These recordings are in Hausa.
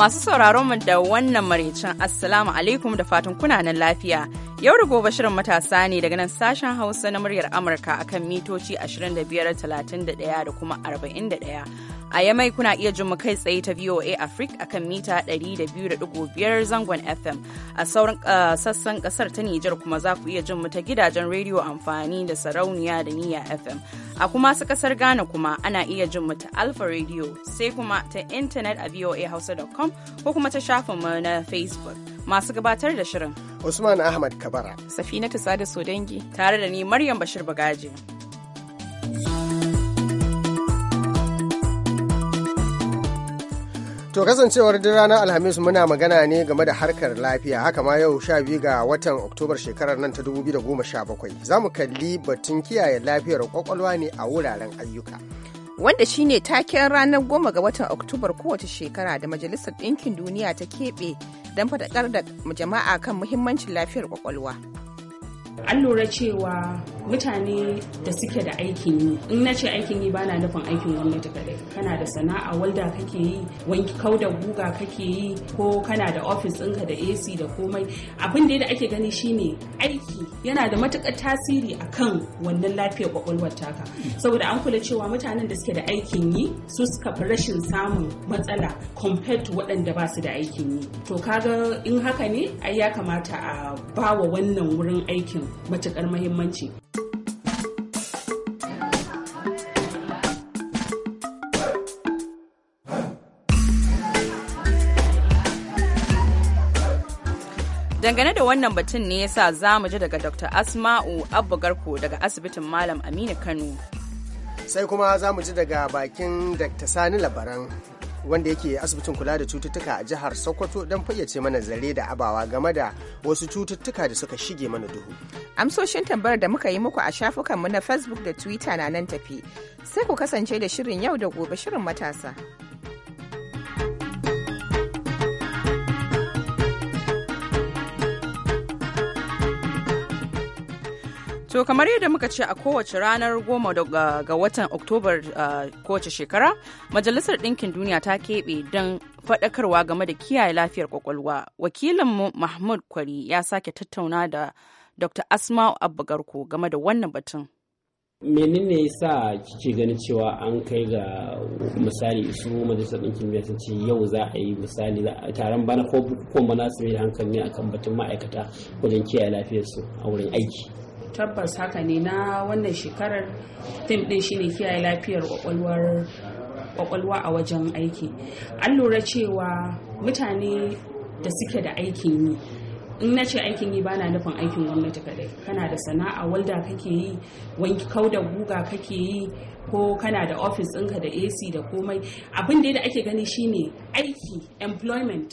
Masu sauraron mu da wannan maraicin Assalamu alaikum da fatan kuna nan lafiya. Yau da gobe shirin matasa ne daga nan sashen Hausa na muryar Amurka akan mitoci 25, 31 da kuma 41. A Yamai kuna iya jin mu kai tsaye ta VOA Africa akan mita 200.5 zangon FM. A sauran sassan kasar ta Nijar kuma za ku iya jin mu ta gidajen rediyo amfani da sarauniya da niyya FM. A kuma su kasar Ghana kuma ana iya jin mu ta Alpha Radio sai kuma ta intanet a voahausa.com ko kuma ta shafin mu na Facebook. Masu gabatar da shirin. Usman Ahmad Kabara. ta Sada Sodangi. Tare da ni Maryam Bashir Bagaji. To kasancewar duk ranar Alhamis muna magana ne game da harkar lafiya haka ma yau sha biyu ga watan Oktobar shekarar nan ta 2017 za mu kalli batun kiyaye lafiyar kwakwalwa ne a wuraren ayyuka. Wanda shi ne taken ranar goma ga watan Oktobar kowace shekara da Majalisar Ɗinkin Duniya ta keɓe don faɗakar da jama'a kan muhimmancin lafiyar kwakwalwa. An lura cewa mutane da suke da aikin yi in na ce aikin yi bana nufin aikin gwamnati kadai kana da sana'a walda kake yi wanki kau da guga kake yi ko kana da ofis ɗinka da ac da komai abin da ake gani shine aiki yana da matukar tasiri akan wannan lafiyar kwakwalwar taka saboda an kula cewa mutanen da suke da aikin yi su suka fi rashin samun matsala compared to waɗanda ba su da aikin yi to kaga in haka ne ai ya kamata a bawa wannan wurin aikin matukar mahimmanci. Dangane da wannan batun ne yasa za mu ji daga Dr. Asma'u Abba Garko daga asibitin Malam Aminu Kano. Sai kuma za mu ji daga bakin Dr. Sani Labaran wanda yake asibitin kula da cututtuka a jihar Sokoto don fayyace mana zare da abawa game da wasu cututtuka da suka shige mana duhu. Amsoshin tambayar da muka yi muku a shafukanmu na Facebook da Twitter na nan tafi. Sai ku kasance da shirin yau da gobe shirin matasa. To kamar yadda muka ce a kowace ranar goma ga watan Oktobar kowace shekara, Majalisar Ɗinkin Duniya ta keɓe don faɗakarwa game da kiyaye lafiyar kwakwalwa. Wakilinmu Mahmud Kwari ya sake tattauna da Dr. Asma Abbagarko game da wannan batun. menene yasa kike ganin cewa an kai ga misali su majalisar ɗinkin duniya sun ce yau za a yi misali taron bana ko bukukuwan bana su da hankali ne akan batun ma'aikata wajen kiyaye lafiyarsu a wurin aiki tabbas haka ne na wannan shekarar fim din shine kiyaye lafiyar kwakwalwa a wajen aiki an lura cewa mutane da suke da aikin yi in na ce aikin yi ba na nufin aikin gwamnati kadai kana da sana'a walda kake yi wanki kau da guga kake yi ko kana da ofis ɗinka da ac da komai abin da ake gani shine aiki employment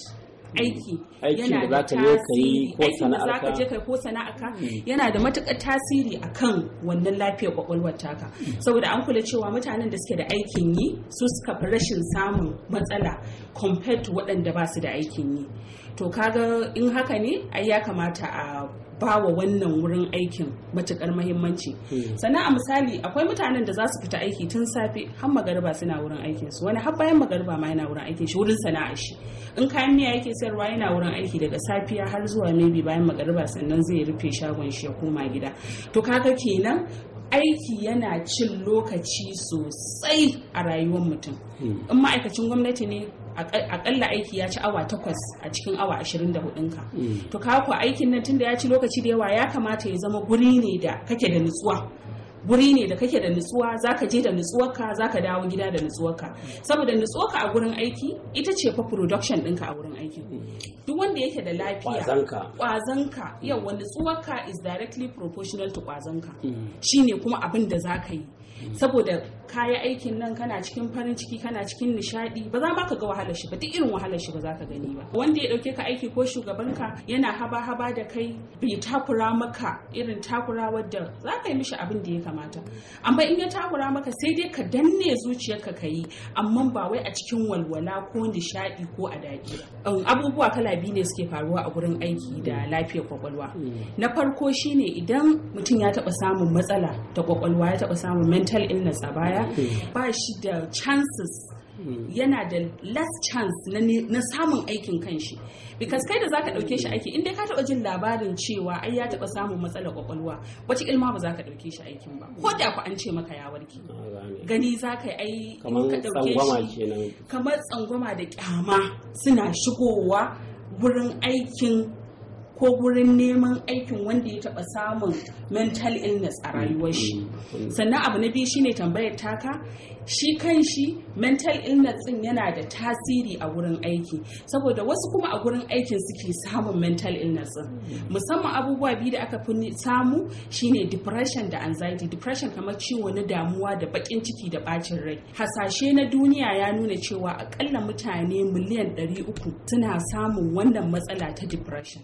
aiki yana da tasiri aikin da zaka je kai ko hmm. yana da matukar tasiri akan wannan lafiyar kwakwalwar taka hmm. saboda an kula cewa mutanen da suke da aikin yi su suka fi rashin samun matsala compared to waɗanda ba su da aikin yi to kaga in haka ne ai ya kamata a ba wa wannan wurin aikin matuƙar mahimmanci hmm. sannan a misali akwai mutanen da za su fita aiki tun safe har magariba suna wurin aikin su wani har bayan magariba ma yana wurin aikin shi wurin sana'a shi in kayan miya yake sayarwa yana wurin aiki daga safiya har zuwa maybe bayan magariba sannan zai rufe shagon shi ya koma gida to kaga kenan aiki yana cin lokaci sosai a rayuwar mutum hmm. in ma'aikacin gwamnati ne akalla aiki ya ci awa takwas a cikin awa ashirin da hudunka mm. to ka ku aikin nan tunda ya ci lokaci da yawa ya kamata ya zama guri ne da kake da nutsuwa guri ne da kake da nutsuwa zaka je da nutsuwarka zaka dawo gida da nutsuwarka saboda nutsuwarka a gurin aiki ita ce fa production dinka a gurin aiki mm. duk wanda yake da lafiya kwazanka yawa nutsuwarka is directly proportional to kwazanka mm. shine kuma abin da zaka yi saboda kayi aikin nan kana cikin farin ciki kana cikin nishadi ba za ka ga wahalar shi ba duk irin wahalar shi ba za ka gani ba wanda ya dauke ka aiki ko shugaban ka yana haba haba da kai bai takura maka irin takura wadda za ka yi mishi abin da ya kamata amma in ya takura maka sai dai ka danne zuciyarka ka yi amma ba wai a cikin walwala ko nishadi ko a daɗi um, abubuwa kala biyu ne suke faruwa a gurin aiki da lafiyar kwakwalwa mm. na farko shine idan mutum ya taba samun matsala ta kwakwalwa ya taba samun mental illness a baya baya ba shi da chances hmm. yana da less chance na samun aikin kanshi because kai da zaka dauke shi aiki inda ka taba jin labarin cewa ai ya taba samun matsalar kwakwalwa wace ilma ba ka dauke shi aikin ba ko da ku an ce maka ya warke gani zaka ai ka dauke kamar tsangwama da kyama suna shigowa wurin aikin ko gurin neman aikin wanda ya taba samun mental illness a rayuwar shi mm, mm, mm. sannan abu na biyu shine tambayar taka shi kan shi mental illness din yana da tasiri a wurin aiki saboda wasu kuma a gurin aikin suke samun mental illness din musamman abubuwa biyu da aka fi samu shine depression da anxiety depression kamar ciwo na damuwa da bakin ciki da bacin rai hasashe na duniya ya nuna cewa akalla mutane miliyan 300 suna samun wannan matsala ta depression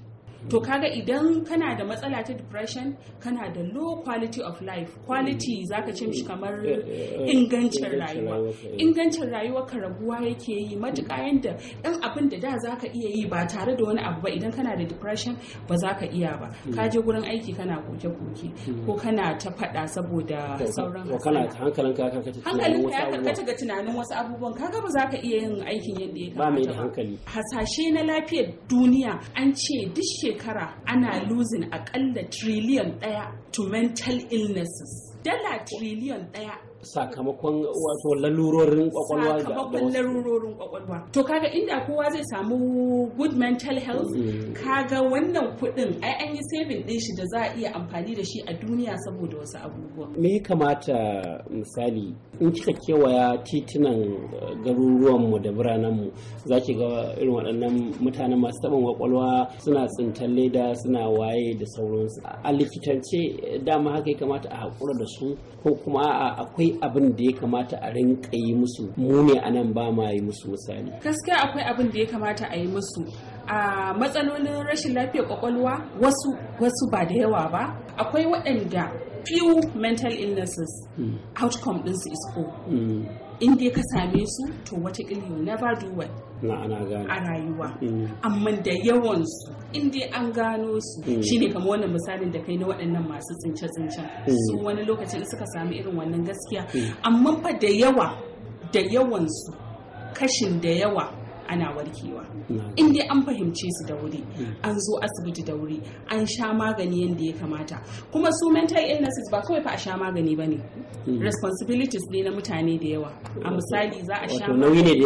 to kaga idan kana da matsala ta depression kana da low quality of life quality mm. ka ce mishi kamar eh, eh, eh, ingancin rayuwa ingancin rayuwa ka rabuwa yake yi matuƙa yadda dan abin da da za ka iya yi ba tare da wani abu ba idan kana da depression ba za ka iya ba mm. ka je gurin aiki kana goge goge. Mm. ko kana ta faɗa saboda sauran hankalinka ya karkata ga tunanin wasu abubuwan kaga ba za ka iya yin aikin yadda ya kamata ba hasashe na lafiyar duniya an ce duk shekara ana losing akalla triliyan daya to mental illnesses dala triliyan daya sakamakon wato lalurorin kwakwalwa sakamakon lalurorin kwakwalwa to kaga inda kowa zai samu good mental health mm. kaga wannan kuɗin ai an yi saving din shi da za a iya amfani da shi a duniya saboda wasu abubuwa me ya kamata misali in kika kewaya titunan eh, garuruwanmu da biranenmu za ki ga irin waɗannan mutanen masu taɓin kwakwalwa suna tsintar leda suna waye da sauransu a likitance eh, dama haka ya kamata a haƙura da su ko kuma akwai abin da ya kamata a rinka yi musu mu ne a nan ba ma yi musu misali gaskiya akwai abin da ya kamata a yi musu a matsalolin rashin lafiyar kwakwalwa wasu wasu ba da yawa ba akwai waɗanda few mental illnesses hmm. outcome ɗinsu su isko. in dai ka same su to watakila you never do well a rayuwa mm. amma da yawan su an gano su mm. shine kamar wannan misalin da kai na waɗannan masu tsince-tsincen mm. su wani lokacin suka sami irin wannan gaskiya amma fa da yawa da yawan su kashin da yawa ana warkewa in dai an fahimce su da wuri an zo asibiti da wuri an sha magani yadda ya kamata kuma su mental illnesses ba kawai fa a sha magani ba ne hmm. responsibilities ne na mutane da yawa a misali za a sha nauyi ne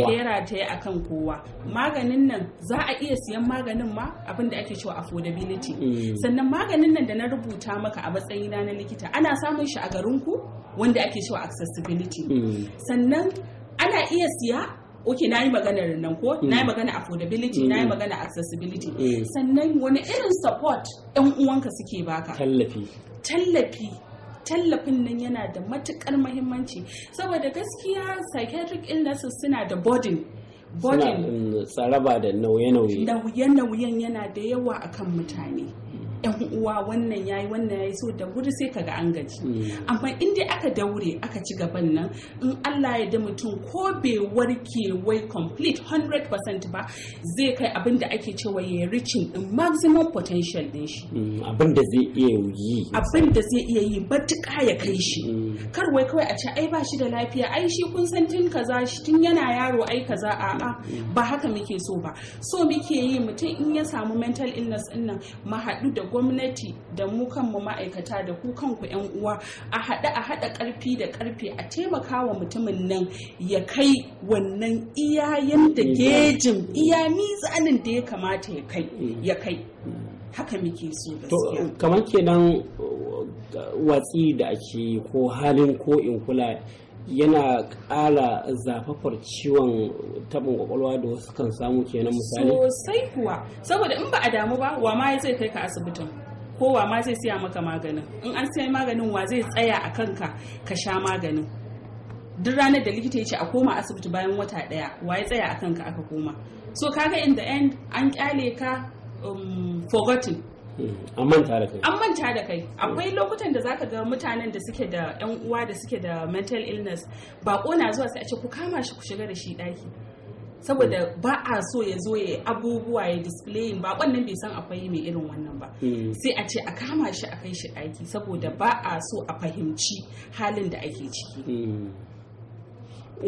da ya rataye a kan kowa maganin nan za a iya siyan maganin ma abin da ake cewa affordability hmm. sannan maganin nan da na rubuta maka a matsayin na likita ana samun shi a garinku wanda ake cewa accessibility hmm. sannan ana iya siya Oke na yi maganar nan ko na yi mm. magana affordability na yi mm. magana accessibility mm. sannan wani irin support yan uwanka suke baka tallafi tallafi tallafin nan yana da matukar mahimmanci saboda gaskiya psychiatric illnesses suna da burden burden tsaraba da nauye-nauye nauye-nauyen yana da yawa akan mutane yan uwa wannan yayi wannan yayi so da wuri sai kaga an gaji mm. amma in dai aka daure aka ci gaban nan in Allah ya da mutum ko bai warke wai complete 100% ba zai kai abin da ake cewa ya reaching din maximum potential din shi mm, abin da zai iya yi abin da zai iya yi batuka ya kai shi mm. kar wai kawai a ce ai ba shi da lafiya ai shi kun san tun kaza shi tun yana yaro ai kaza a'a ba haka muke so ba so muke yi mutum in ya samu mental illness din nan ma haɗu da gwamnati da mu kanmu ma'aikata da ku kanku 'yan uwa a haɗa a haɗa ƙarfi da ƙarfe a taimaka wa mutumin nan ya kai wannan iya da gejin iya mizanin da ya kamata ya kai mm. ya kai haka muke so gaskiya kamar kenan uh, watsi da ake ko halin ko in kula yana ƙara zafafar ciwon tabin kwakwalwa da wasu kan samu kenan misali sosai kuwa saboda in ba a damu ba wa ma zai kai ka asibitin ko wa ma zai siya maka maganin in an siya maganin wa zai tsaya a kanka ka sha maganin duk ranar da likita ya ce a koma asibiti bayan wata daya wa ya tsaya a kanka aka koma so kaga in the end an kyale ka um, forgotten Hmm. an manta da kai an manta da kai akwai lokutan da zaka ga mutanen da suke da yan uwa da suke da mental illness baƙo na zuwa sai a ce ku kama shi ku shiga da shi daki saboda ba a so ya zo ya abubuwa ya display ba wannan bai san akwai mai irin wannan ba hmm. sai a ce a kama shi a kai shi daki saboda ba a so a fahimci halin da ake ciki hmm.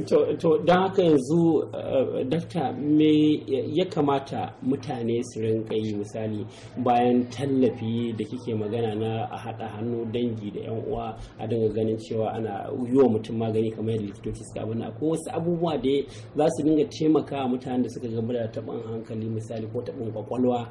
to don haka yanzu eh, dakta me ya kamata mutane su rinka yi misali bayan tallafi da kike magana na a haɗa hannu dangi da yan uwa a dinga ganin cewa ana yiwa mutum magani kamar yadda likitoci suka abin ko wasu abubuwa da za su dinga taimaka mutanen da suka gama da taɓin hankali misali ko taɓin kwakwalwa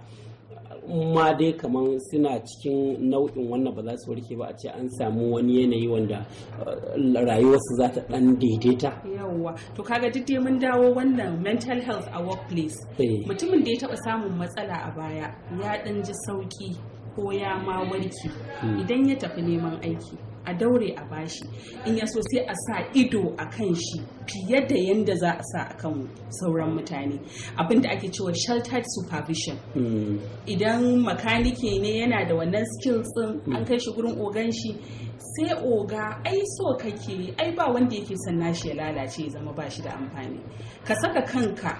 ma dai kamar suna cikin nau'in wannan ba za su warke ba a ce an samu wani yanayi wanda eh, rayuwarsu za ta dan daidaita yawwa to kaga duk dai mun dawo wannan mental health a workplace eh. mutumin da ya taba samun matsala a baya ya dan ji sauki ko ya ma warke hmm. idan ya tafi neman aiki a daure a bashi in ya so sai a sa ido a kan shi fiye da yadda za a sa a kan sauran mutane abinda ake cewa sheltered supervision hmm. idan makanike ne yana da wannan skills din hmm. an kai shi gurin ogan shi sai oga ai so kake ai ba wanda yake sanna shi ya lalace ya zama ba shi da amfani ka saka kanka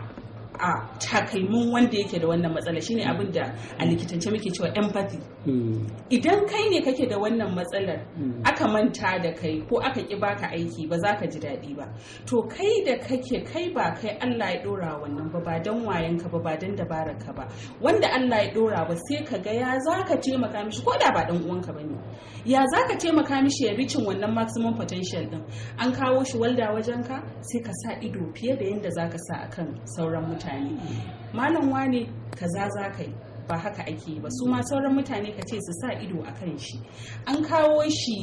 a takalmin wanda yake da wannan matsala shine abin da a likitance muke cewa empathy Hmm. idan kai ne kake da wannan matsalar hmm. aka manta da kai ko aka ki baka aiki ba za ka ji daɗi ba to kai da kake kai ba kai Allah ya ɗora wannan ba ba don wayan ka ba ba don dabarar ka ba wanda Allah ya ɗora ba sai ka ga ya za ka taimaka mishi ko da ba ɗan uwanka ba ne ya za ka taimaka mishi ya bicin wannan maximum potential ɗin an kawo shi walda wajen ka sai ka sa ido fiye da yadda za ka sa akan sauran mutane hmm. malam wane kaza za ka yi ba haka ake ba su ma sauran mutane ka ce su sa ido a kan shi an kawo shi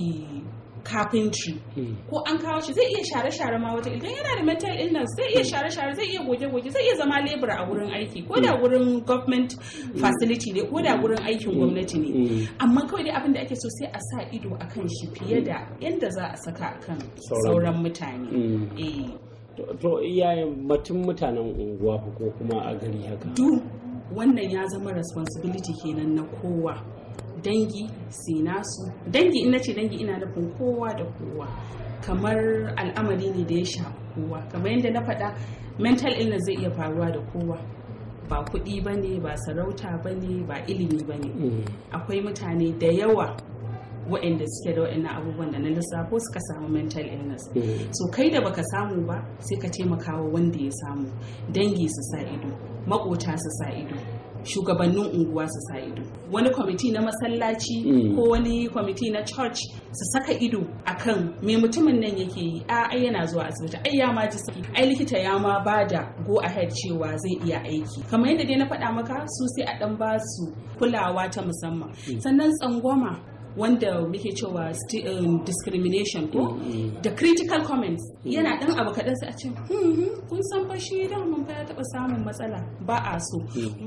carpentry hmm. ko an kawo shi zai iya share-share ma wata idan yana da mental illness zai iya hmm. share-share zai iya goge-goge zai iya zama labor a wurin aiki ko da hmm. wurin government facility ne ko da wurin aikin gwamnati ne amma kawai dai abin da ake so sai a sa ido a kan shi fiye da yadda za a saka a kan sauran mutane eh. to iyayen batun mutanen unguwa ko kuma a gari haka wannan ya zama responsibility kenan na kowa dangi sinasu dangi ina ce dangi ina nufin kowa da kowa kamar al'amari ne da ya shafi kowa kamar yadda na faɗa mental illness zai iya faruwa da kowa ba kuɗi ba ne ba sarauta ba ne ba ilimi ba ne mm. akwai mutane da yawa wa'inda suke da waɗannan abubuwan da na lissafo suka samu mental illness mm. so kai da baka samu ba sai ka taimakawa wanda ya samu dangi su sa ido makota su sa ido shugabannin unguwa su sa ido wani kwamiti na masallaci mm. ko wani kwamiti na church su saka ido akan me mutumin nan yake yi a yana zuwa asibiti ai ya ma ji saki ai likita ya ma bada go ahead cewa zai iya aiki kamar yadda dai na faɗa maka su sai a dan ba su kulawa ta musamman mm. sannan tsangwama wanda muke cewa um, discrimination ko mm, mm. da critical comments mm. yana dan abu kaɗan sai a ce hmm, kun san fa shi mun fa ya taɓa samun matsala ba a so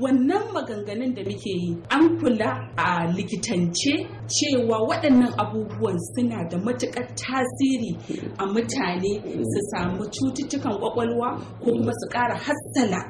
wannan maganganun da muke yi an kula a likitance cewa waɗannan abubuwan suna da matukar tasiri a mutane su samu cututtukan kwakwalwa ko kuma su ƙara hassala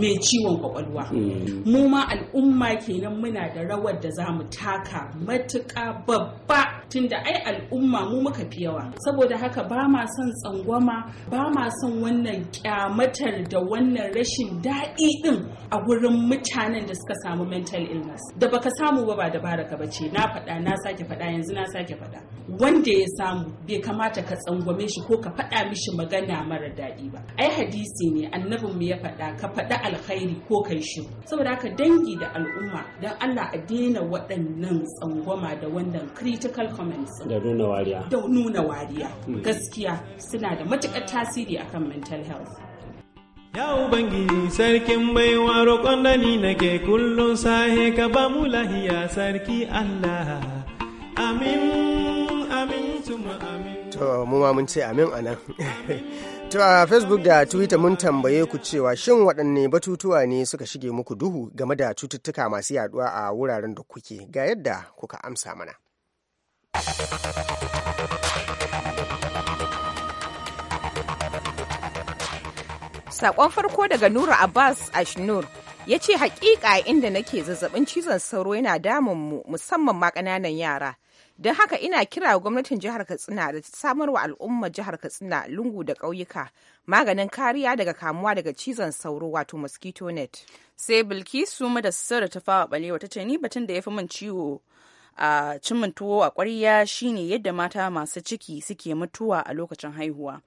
mai ciwon kwakwalwa mm. mu ma al'umma kenan muna da rawar da za mu taka matuƙa babba tunda ai al'umma mu muka fi yawa saboda haka ba ma son tsangwama ba ma son wannan kyamatar da wannan rashin daɗi ɗin a gurin mutanen da suka samu mental illness da baka samu ba ba dabara ka bace na faɗa na sake faɗa yanzu na sake faɗa wanda ya samu bai kamata ka tsangwame shi ko ka faɗa mishi magana mara daɗi ba ai hadisi ne annabinmu ya faɗa ka faɗa faɗi alkhairi ko kai shi saboda haka dangi da al'umma don Allah a daina waɗannan tsangwama da wannan critical comments da nuna wariya da nuna wariya hmm. gaskiya suna da matuƙar tasiri akan mental health Ya ubangi sarkin baiwa roƙon da nake kullum sahe ka ba mu lahiya sarki Allah. Amin, amin, tuma amin. To, mu ma mun ce amin a a facebook da twitter mun tambaye ku cewa shin waɗanne batutuwa ne suka shige muku duhu game da cututtuka masu yaduwa a wuraren da kuke ga yadda kuka amsa mana Sakon farko daga Nura Abbas Ashnur ya ce hakika inda nake zazzabin cizon sauro yana damun mu musamman ma ƙananan yara Don haka ina kira gwamnatin jihar Katsina da samar wa al'ummar jihar Katsina lungu da ƙauyuka maganin kariya daga kamuwa daga cizon sauro wato mosquito net. Sai Bilkisu madassar da ta fawa balewa ta ce ni batun da ya fi min ciwo a uh, cimin a ƙwarya shine yadda mata masu ciki suke mutuwa a lokacin haihuwa.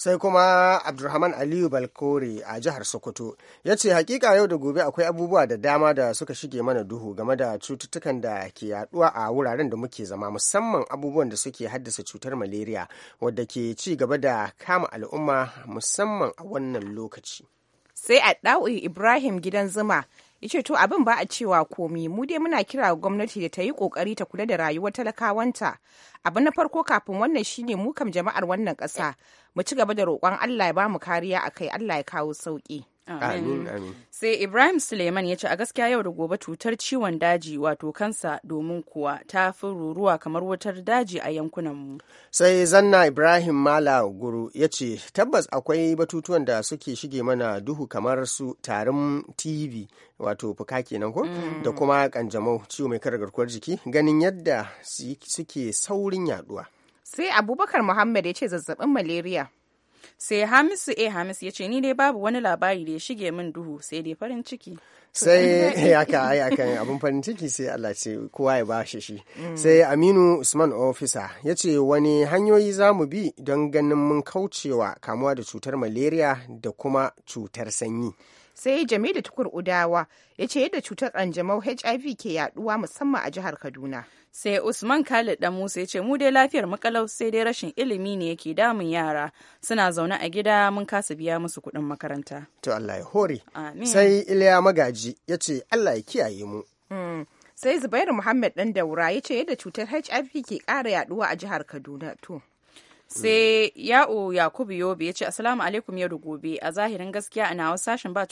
sai kuma abdulrahman aliyu balkore a jihar sokoto ya ce hakika yau da gobe akwai abubuwa da dama da suka shige mana duhu game da cututtukan da ke yaduwa a wuraren da muke zama musamman abubuwan da suke haddasa cutar malaria wadda ke ci gaba da kama al'umma musamman a wannan lokaci sai a ibrahim gidan zuma yace to abin ba a cewa komi mu dai muna kira ga gwamnati da ta yi kokari ta kula da rayuwar talakawanta abu na farko kafin wannan shine mu kam jama'ar wannan ƙasa mu ci gaba da roƙon Allah ya ba mu kariya kai Allah ya kawo sauki Sai Ibrahim Suleiman ya ce a gaskiya yau da gobe cutar ciwon daji wato kansa domin kuwa ta fi ruruwa kamar wutar daji a yankunan mu. Sai Zanna Ibrahim Mala Guru ya ce tabbas akwai batutuwan da suke shige mana duhu kamar su tarin TV wato fuka kenan ko mm. da kuma kanjamau ciwo mai kare garkuwar jiki ganin yadda suke saurin yaduwa. Sai Abubakar Muhammad ya ce zazzabin malaria sai hamisu a eh, hamis ya ce ni dai babu wani labari da ya shige min duhu sai dai farin ciki sai haka eh, ai akan abin farin ciki sai Allah ce kowa ya bashi shi mm. sai Aminu Usman ofisa ya ce wani hanyoyi za mu bi don ganin mun kaucewa kamuwa da cutar malaria da kuma cutar sanyi sai Jami da Tukur Udawa ya ce yadda cutar ƙanjamau HIV ke yaduwa musamman a jihar Kaduna sai usman khalid da musa ya ce mu dai lafiyar makalau sai dai rashin ilimi ne yake damun yara suna zaune a gida mun kasa biya musu kuɗin makaranta to allah ya hore sai iliya magaji ya ce allah ya kiyaye mu hmm. sai zubairu muhammad ɗan daura ya ce yadda cutar hiv ke ƙara yaduwa a jihar kaduna to Mm. sai ya'u yakubu yobe ya ce asalamu alaikum yau gobe a zahirin gaskiya a nawa sashen ba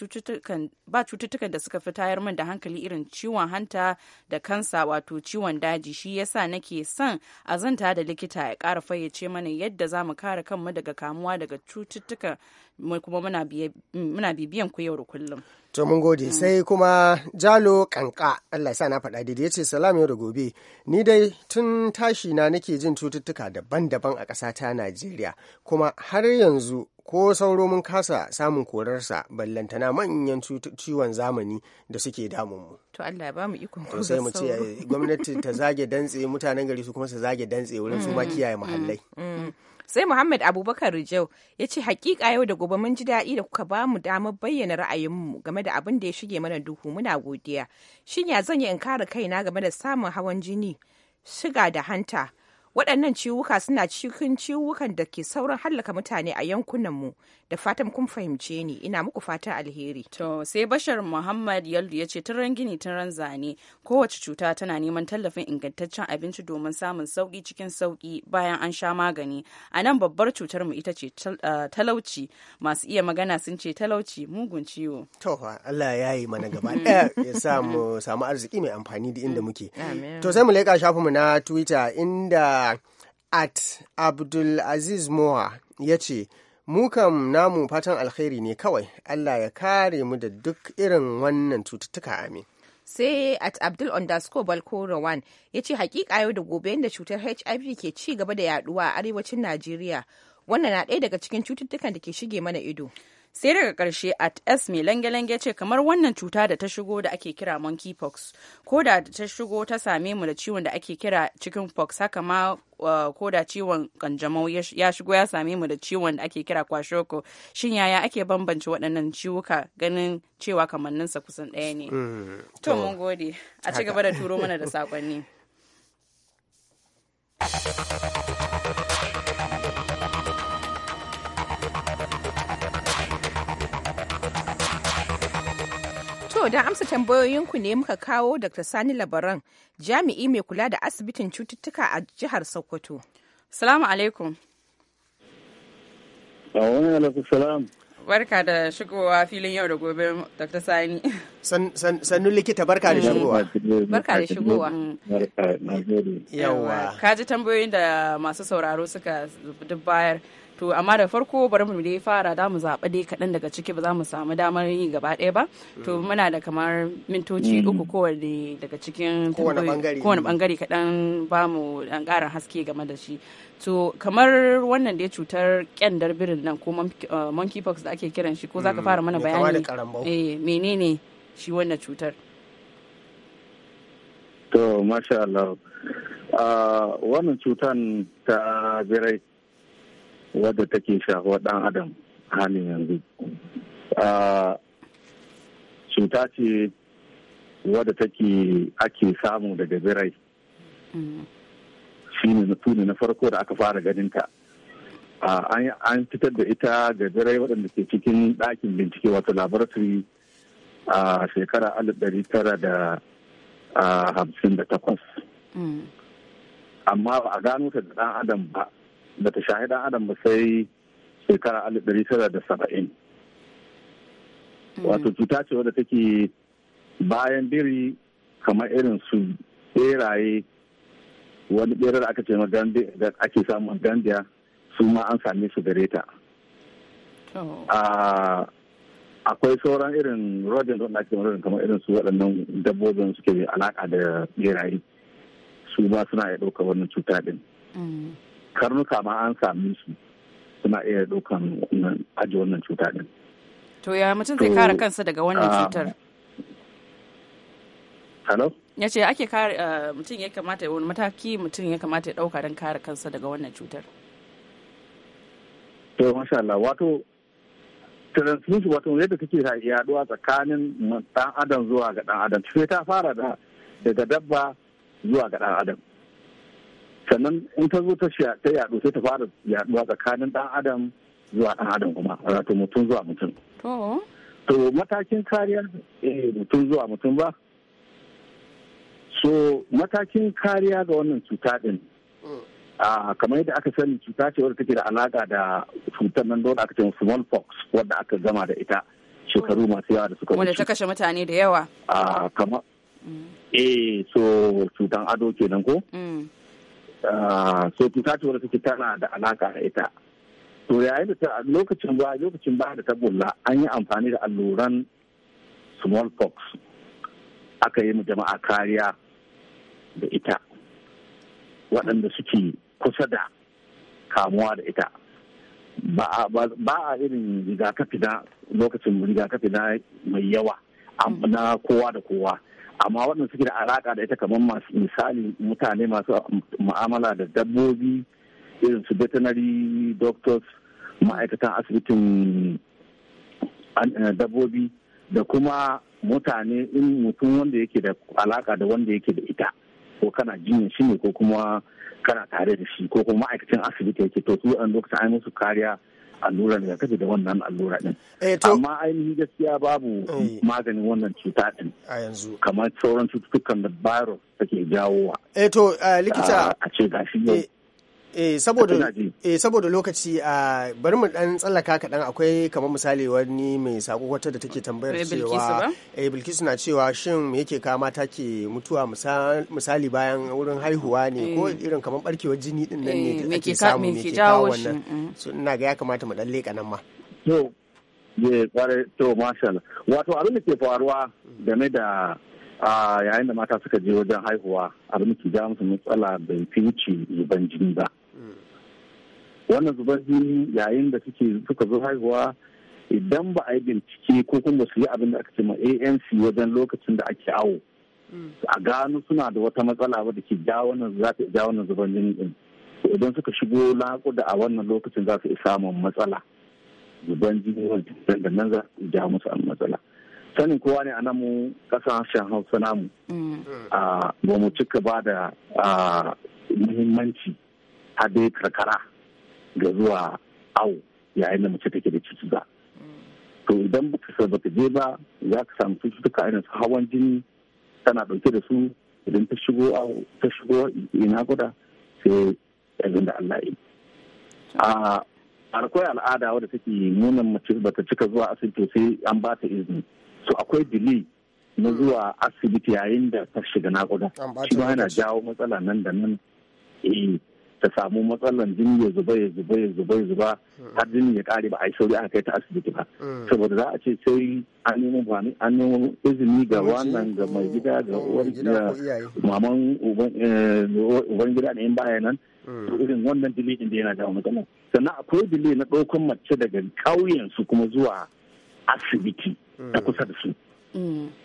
cututtukan da suka fi tayar min da hankali irin ciwon hanta da kansa wato ciwon daji shi yasa nake son a zanta da likita ya kara fayyace mana yadda za mu kare kanmu daga kamuwa daga cututtuka. kuma mm, muna bibiyan ku yau da kullum to mun gode mm. sai kuma jalo kanka Allah ya sa na faɗa daidai yace salam yau da gobe ni dai tun tashi na nake jin cututtuka daban-daban a ƙasata Najeriya kuma har yanzu ko sauro mun kasa samun korarsa ballantana manyan ciwon zamani da suke damunmu. To Allah ba mu ikon to sai mu ce gwamnati ta zage dantse mutanen gari su kuma su zage dantse wurin su ma mm, kiyaye mm, muhallai. Mm. Sai Muhammad Abubakar Rijau ya ce hakika yau da gobe mun ji daɗi da kuka ba mu damar bayyana ra'ayinmu game da abin da ya shige mana duhu muna godiya. Shin ya zan yi in kare kaina game da samun hawan jini, shiga da hanta, waɗannan ciwuka suna cikin ciwukan da ke sauran hallaka mutane a yankunanmu da fatan kun fahimce ni ina muku fatan alheri to sai bashar muhammad yaldu ya ce turan gini ran zane kowace cuta tana neman tallafin ingantaccen abinci domin samun sauki cikin sauki bayan an sha magani a nan babbar cutar mu ita ce eh, talauci masu iya magana sun ce talauci mugun ciwo to Allah ya yi mana gaba ɗaya ya sa mu samu arziki mai amfani da inda muke to sai mu leƙa shafinmu na twitter inda at abdulaziz moa ya ce mu namu fatan alkhairi ne kawai allah ya kare mu da duk irin wannan cututtuka amin sai at abdul underscore balko rawan ya ce hakika yau da gobe da cutar hiv ke ci gaba da yaduwa a arewacin najeriya wannan na ɗaya daga cikin cututtukan da ke shige mana ido sai daga karshe at s mai lange-lange ce kamar wannan cuta da ta shigo da ake kira monkeypox ko da ta shigo ta same mu da ciwon da ake kira chicken pox haka ma ko da ciwon kanjamau ya shigo ya same mu da ciwon da ake kira kwashoko shin yaya ake bambance waɗannan ciwuka ganin cewa kamanninsa kusan ɗaya ne mm, to mun gode a ci gaba da turo mana da sakonni. yau amsa tambayoyinku ne muka kawo Dr. Sani Labaran, jami'i mai kula da asibitin cututtuka a jihar Sokoto. Salamu alaikum. Barka da shigowa filin yau da gobe, Dr. Sani. Sannu likita barka da shigowa. Barka da shigowa. Mm. Yawa. Ka ji tambayoyin da masu sauraro suka dubbayar. bayar. to amma da farko bari mu dai fara da mu zaɓa dai kaɗan daga ciki ba za mu samu damar yi gaba ɗaya ba to mm. muna da kamar mintoci mm. uku kowane daga cikin kowane bangare kaɗan ba mu ɗan ƙarin haske game da shi to kamar wannan dai cutar kyandar birin nan ko eh, monkeypox da ake kiran shi ko za ka mm. fara mana bayani eh menene shi wannan cutar to masha Allah ah, wannan cutan ta birai wadda take shafa ɗan adam halin yanzu cuta ce wadda take ake samu daga birai mm. shi ne na farko da aka fara ganinta an fitar da ita ga birai waɗanda ke cikin ɗakin bincike wato laboratory a shekara tara da 1958 mm. amma ba a gano ta da ɗan adam ba da ta shahi dan adam ba sai shekara alif ɗari tara da saba'in wato mm. cuta ce wadda take bayan biri kamar irin su beraye wani berar aka ce da ake samun gandiya su ma an same su gare ta akwai sauran irin rodin wanda ake rodin kamar irin su waɗannan dabbobin suke alaka da beraye su ma suna ya ɗauka wannan cuta ɗin. Mm. karnuka ma an sami su suna iya ɗaukan aji wannan cuta din. To ya mutum zai kare kansa daga wannan ah, cutar? Hello? Ya ce ake kare eh, mutum ya kamata wani mataki mutum ya kamata ya dauka don kare kansa daga wannan cutar. To masha Allah wato transmission wato yadda take yaduwa tsakanin ɗan adam zuwa ga ɗan adam. Sai ta fara da daga dabba zuwa ga ɗan adam. sannan in ta zo ta ta yaɗu sai ta fara yaɗuwa tsakanin ɗan adam zuwa ɗan adam kuma wato mutum zuwa mutum to matakin kariyar eh, mutum zuwa mutum ba so matakin kariya ga wannan cuta ɗin kamar yadda aka sani cuta ce wadda take da alaƙa da cutar nan dole aka ce smallpox wadda aka gama da ita shekaru oh. masu yawa da suka wuce. Wanda ta kashe mutane da yawa. a kama. Mm. Eh, so cutan ado kenan ko? Mm. Ah, ta wadda take tana da alaka da ita to yayin da ta lokacin ba lokacin ba da ta an yi amfani da alluran smallpox aka yi jama'a kariya da ita waɗanda suke kusa da kamuwa da ita ba a irin rigakafi na lokacin rigakafi na mai yawa na kowa da kowa amma waɗanda suke da alaƙa da ita kamar masu misali mutane masu mu'amala da dabbobi irin su veterinary doctors ma'aikatan asibitin eh, dabbobi da kuma mutane in mutum wanda yake da alaƙa da wanda yake da ita ko kana jinyar shi ne ko kuma kana tare da shi ko kuma ma'aikacin asibiti yake to su an lokacin ai musu kariya allurar rigakafi da wannan allura ɗin. Eh, amma ainihin gaskiya babu eh. maganin wannan cuta ɗin. a yanzu kamar sauran cututtukan da virus take jawowa Eto eh, likita a ce gashi Eh, eh saboda lokaci a bari mu dan tsallaka kaɗan akwai kamar misali wani mai sako wata da take tambayar cewa eh Bilkisu na cewa shin me yake ka mata ke mutuwa misali bayan wurin haihuwa ne ko eh. irin kamar barkewar jini din nan ne eh, ake samu me ke kawo wannan mm. so ina ga ya kamata mu dan leka nan ma to je kware to mashallah wato abin da ke faruwa game da a yayin da mata suka je wajen haihuwa abin da ke ja musu matsala bai fi wuce ban jini ba wannan zubar jini yayin da suke suka zo haihuwa idan ba a yi bincike ko kuma su yi abin da aka ce ma anc wajen lokacin da ake awo a gano suna da wata matsala ba da ke ja wannan za ta ja wannan zubar jini din idan suka shigo naƙuda a wannan lokacin za su iya samun matsala zuban jini wajen da nan za su ja musu an matsala sanin kowa ne a nan mu kasashen hausa namu mm. ba mu cika ba da muhimmanci a dai karkara ga zuwa awo yayin da mace take da cututtuka to idan ba baka je ba za ka samu cututtuka irin su hawan jini tana ɗauke da su idan ta shigo au ta shigo ina guda sai yanzu da Allah yi a akwai al'ada wadda take nuna mace ta cika zuwa asibiti sai an ba ta izini so akwai delay na zuwa asibiti yayin da ta shiga naƙuda shi ma yana jawo matsala nan da nan eh, ta samu matsalar jini ya zuba ya zuba ya zuba ya zuba har jini ya kare ba a yi sauri aka kai ta asibiti ba mm. saboda za a ce sai an nemo izini ga wannan ga mai gida ga uwar gida maman uban eh, gida da in baya nan mm. to irin wannan da yana da matsala sannan akwai dile na ɗaukan mace daga ƙauyen su kuma zuwa asibiti mm. ta kusa da su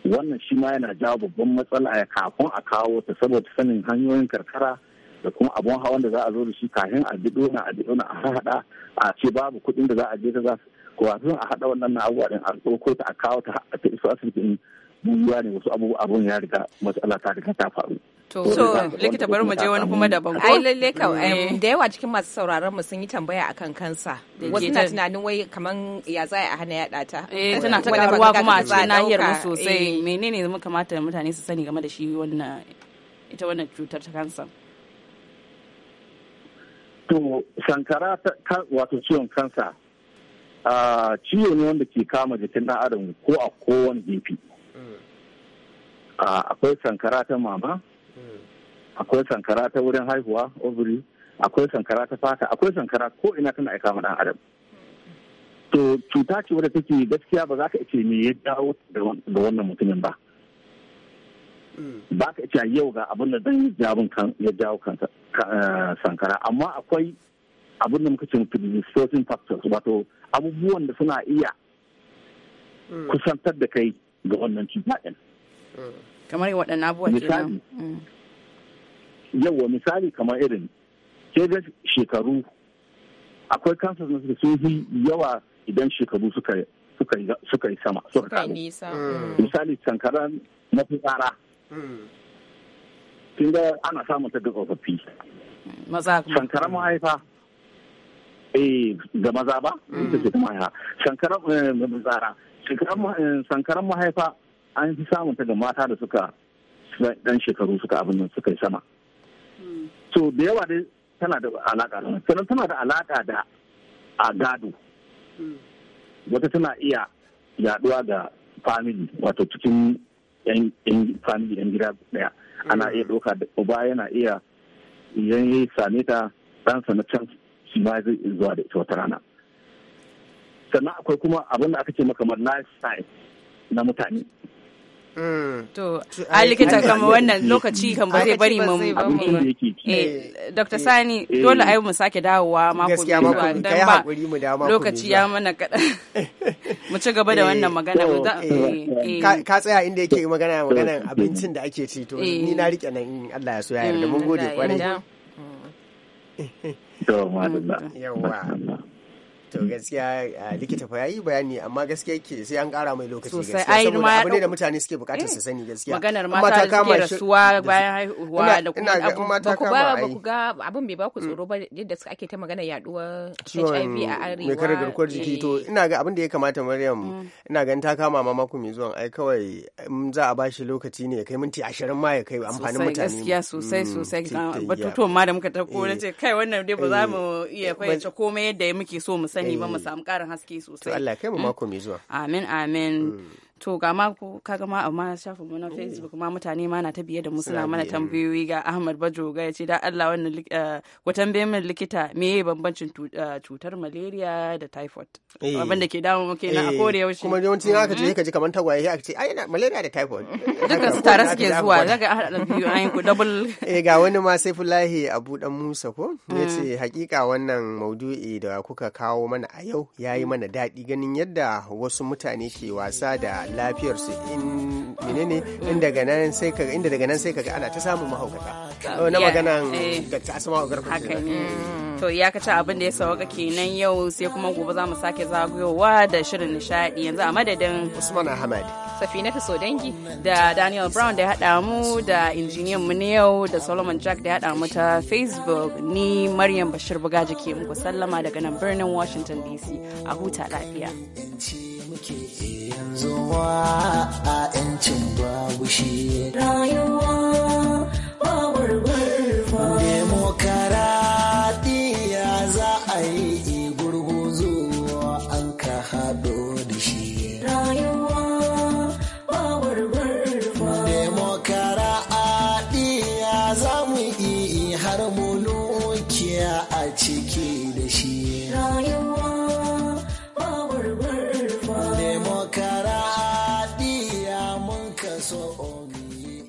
wannan shi ma yana jawo babban matsala kafin a kawo ta saboda sanin hanyoyin karkara da kuma abun hawan da za a zo da shi kafin a biɗo na a biɗo na a haɗa a ce babu kuɗin da za a je ta za ko a a haɗa wannan abubuwa din a ɗauko ta a kawo ta a ta iso asibitin buwa ne wasu abubuwa abun ya riga matsala ta riga ta faru. To, likita bari mu je wani kuma daban ko? Ai lalle ka eh. da yawa cikin masu sauraron mu sun yi tambaya akan kansa. Wasu na tunanin wai kaman ya za a hana yada ta. Eh tana ta karuwa kuma a cikin nahiyar mu sosai. Eh. Menene kamata mutane su sani game da shi wannan ita wannan cutar ta kansa? To, sankara wato ciwon kansa ciwo ne wanda ke kama jikin ɗan adam ko a kowane gefe. Akwai sankara ta mama, akwai sankara ta wurin haihuwa, ovary, akwai sankara ta fata, akwai sankara ko ina tana aika ma ɗan adam. To, cuta ce wadda take gaskiya ba za ka ce me ya dawo da wannan mutumin ba. Hmm. Ba ka ce yau ga abin da zan yi ya jawo kansa. Eh, sankara amma akwai abin da muka ce predisposing factors wato abubuwan da suna iya hmm. kusantar da kai ga wannan cuta ɗin. Hmm. kamar waɗannan abubuwan misali hmm. yawa misali kamar irin ke da shekaru akwai kansa na sun fi yawa idan shekaru suka suka yi sama suka nisa misali sankara na fitsara kin ga ana samun ta Maza tsofaffi shankara mahaifa eh ga maza ba mm. ita ce mahaifa shankara eh, tsara sankaran eh, mahaifa an fi samun ta ga mata da suka dan shekaru suka abin nan suka yi sama mm. so da yawa dai tana da alaka da sannan tana da alaka da a gado mm. wata tana iya yaduwa ga family wato cikin yan family yan gida daya ana iya mm. ɗauka da uba yana iya idan ya same ta ɗansa na can shi ma zai zuwa da ita wata rana sannan akwai kuma abin da aka ce maka na na mutane To, alike likita kama wannan lokaci kan ba zai bari mu Dr. Eh, Sani, eh, eh. dole ai mu sake dawowa mako zuwa dan ba lokaci ya mana kada. Mu ci gaba da wannan magana. Ka tsaya inda yake magana maganan abincin da ake ci to ni na rike nan Allah ya so ya yarda mm, mun gode kwarai. Yawa. to gaskiya likita fa yayi bayani amma gaskiya ke sai an kara mai lokaci gaskiya saboda abu ne da mutane suke bukatar su eh, sani gaskiya maganar mata suke rasuwa bayan haihuwa da kuma abu ba ku ba ba ku ga abin bai ba ku tsoro ba yadda suka ake ta magana yaduwar HIV a arewa mai kare garkuwar jiki to eh. ina ga abin da ya kamata Maryam mm. ina ganin ta kama mama ku mai zuwan ai kawai za a bashi lokaci ne ya kai minti 20 ma ya kai amfanin mutane gaskiya sosai mm, sosai batutuwan ma da muka tako nace eh. kai wannan dai ba za mu iya fayyace komai yadda muke so mu sani sani ba mu eh. samu karin haske sosai to Allah kai mu mm. mako mai zuwa amin amin mm. to ga ma kaga ma amma shafin mu na oh. facebook ma mutane ma na ta biye da mu suna mana tambayoyi ga ahmad bajoga ya ce da allah wannan eh, ku tambaye min likita me ya bambancin eh, cutar malaria da typhoid eh. abin da ke damu muke na a kore yaushe kuma yawanci in aka je mm-hmm. ka ji kamar tagwaye aka ce ai malaria da typhoid duka su tare suke zuwa daga hada biyu an ku double eh ga wani ma sai fulahi abu dan musa ko mm. ce hakika wannan maudu'i da kuka kawo mana a yau yayi mm. mana daɗi ganin yadda wasu mutane ke wasa da lafiyarsu in menene in daga nan sai kaga inda daga nan sai kaga ana ta samun mahaukata na maganan eh. da ta ne to iyakacin abin da ya sauka kenan yau sai kuma gobe za mu sake zagayowa da shirin nishadi yanzu a madadin Usman Ahmad Safinatu Sodangi da Daniel Brown da ya haɗa mu da injiniyan mu ne yau da Solomon Jack da ya haɗa mu ta Facebook ni Maryam Bashir Bugaji ke muku sallama daga nan birnin Washington DC a huta lafiya. zuwa a 'yancin babu shi rayuwa babu